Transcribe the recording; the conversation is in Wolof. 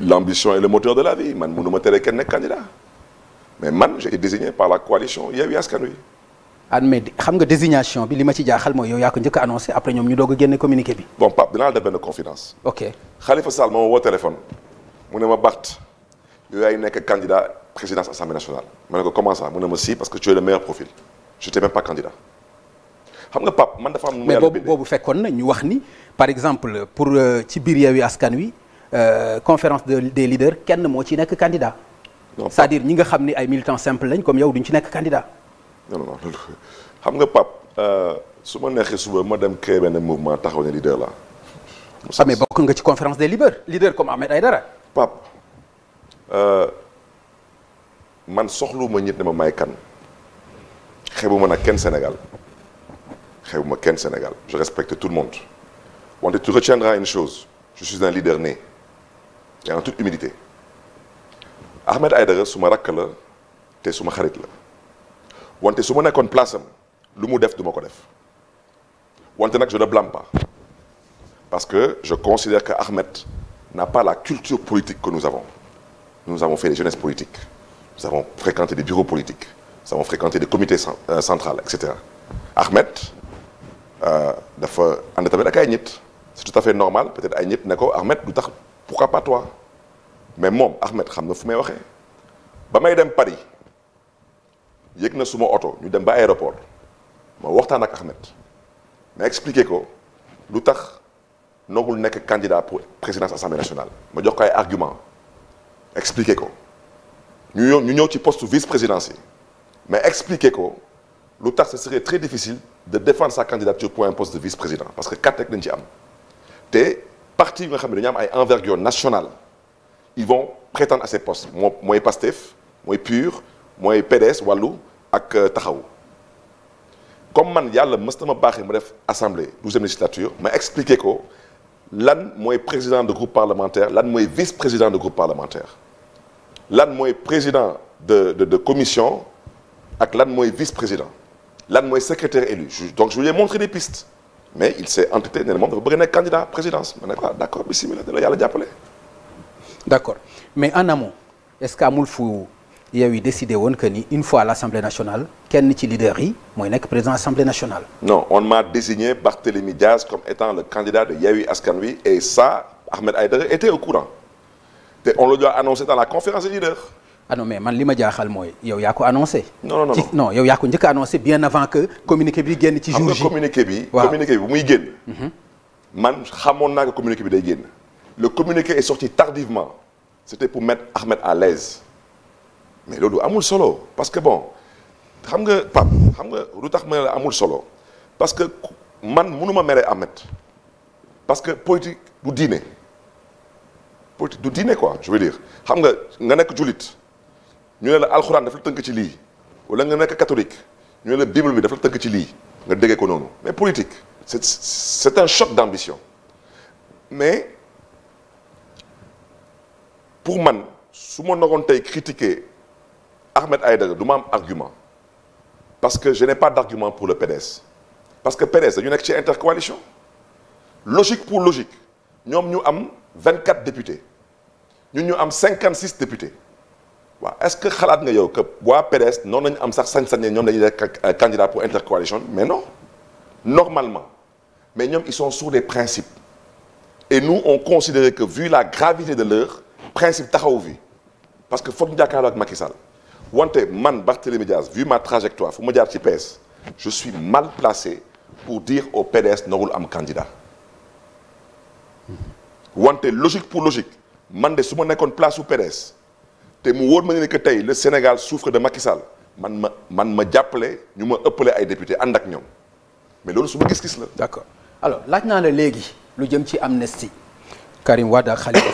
l'ambition est le moteur de la vie man mënu ma kenn nekk candidat mais man j'ai été désigné par la coalition Yewwi Askan Wi. ah mais xam nga désignation bi li ma ci jaaxal mooy yow yaa ko njëkk a annoncé après ñoom ñu doog a génne communiqué bi. bon Pape dinaa la def benn confidence. ok Khalifa Sall moo woo téléphone mu ne ma Barth yow yaay nekk candidat présidence assemblée nationale ma ne ko comment ça mu ne ma parce que tu es le xam nga Pape man dafa am. mais boobu boobu fekkoon na ñu wax ni par exemple pour euh, ci biir Yewwi Askan Wi. Euh, conférence des leaders kenn moo ci nekk candidat c'est-à-dire ñi nga xam ni ay militants simple lañ comme yow duñ ci nekk candidat non non xam nga Pape euh, su ma neexee suba ma dem créer benn mouvement taxaw ne leader la ah bokk nga ci conférence des leaders leader comme Ahmed dara Pape euh, man soxluwuma ñit ne ma may kan xeebuma nag kenn Sénégal xeebuma kenn Sénégal je respecte tout le monde wante tu retiendras une chose je suis un leader né et en toute humilité Ahmed Aïdara su ma rakk la te su ma xarit la wante su ma nekkoon place am lu mu def du ma ko def wante nag je ne blâme pas parce que je considère que Ahmed n'a pas la culture politique que nous avons nous avons fait des jeunesses politiques nous avons fréquenté des bureaux politiques nous avons fréquenté des comités euh, centrales etc Ahmed euh, dafa ànd tamit ak ay nit c'est tout à fait normal peut-être ay nit ne ko pourquoi pas toi mais moom Ahmed xam na fu may waxee ba may dem Paris yëg na suma oto ñu dem ba aéroport ma waxtaan ak Ahmed ma expliqué ko lu tax nogul nekk candidat pour présidence assemblée nationale ma jox kay ay argument expliqué ko ñu ñëw ñu ñëw ci post vice présidence yi mais explique ko lu tax ce serait très difficile de défendre sa candidature pour un poste de vice président parce que quatre rek lañ ci am te partis yi nga xam ne dañu am ay envergure nationale ils vont prétendre à ces postes moo mooy PASTEF mooy PUR mooy PDS wàllu ak euh, taxawu comme man yàlla mës ma baaxee ma def assemblée douzième législature ma expliqué ko lan mooy président de groupe parlementaire lan mooy vice président de groupe parlementaire lan mooy président de de de commission ak lan mooy vice président lan mooy secrétaire élu donc je lui ai des pistes mais il s'est entêté ne moom dafa bëgg nekk candidat présidence ma ne ko ah, d' accord bisimilah da la yàlla jàppale. d' accord mais en amont est ce que amul fu yow yi décidé woon que ni une fois à l' assemblée nationale kenn ci leader yi mooy nekk président assemblée nationale. non on m'a désigné Barthélémy Diaz comme étant le candidat de Yewwi Askan Wi et ça Ahmed Aïdara était au courant te on le doit annoncer dans la conférence des leaders. ah non man li ma jaaxal mooy yow yaa ko annoncé. non non non yow yaa ko njëkk annoncé bien avant que communiqué bi génn ci jour J. communiqué bi waaw communiqué bi muy génn. Mhm. man xamoon naa que communiqué bi day génn. le communiqué est sorti tardivement c'était pour mettre Ahmed à l'aise mais loolu amul solo parce que bon xam nga Pape xam nga lu tax ma amul solo parce que man mënuma mere Ahmed parce que politique du diine politique du diine quoi je veux dire xam nga nga nekk jullit. ñu ne la alxuraan daf la tënk ci lii wala nga nekk catholique ñu ne la bible bi daf la tënk ci lii nga déggee ko noonu mais politique c'est c'est un choc d'ambition mais pour man su ma naroon tey critiquer Ahmed Aïdara du ma am argument parce que je n'ai pas d'argument pour le PDS parce que PDS dañu nekk ci intercoalition logique pour logique ñoom ñu am vingt-quatre députés ñu ñu am cinquante-six députés waaw est-ce que xalaat nga yow que waa PDS noonu lañu am sax sañ-sañ ñoom dañuy nekk euh, candidat pour intercoalition mais non normalement mais ñoom ils sont sur des principes et nous on considérait que vu la gravité de l'heure principe taxawu fi parce que foog ñu jàkkaarloo ak Macky Sall wante man Barthélémy Diaz vu ma trajectoire fu ma jaar ci PS je suis mal placé pour dire au PDS narul am candidat wante logique pour logique man de su ma nekkoon place su PDS te mu woor ma ne que tey le Sénégal souffre de Macky Sall man ma man ma jàppale ñu ma ëppale ay député ànd ak ñoom mais loolu su ma gis-gis la. d'accord alors laaj naa la léegi lu jëm ci amnistie Karim Wade ak Khalifa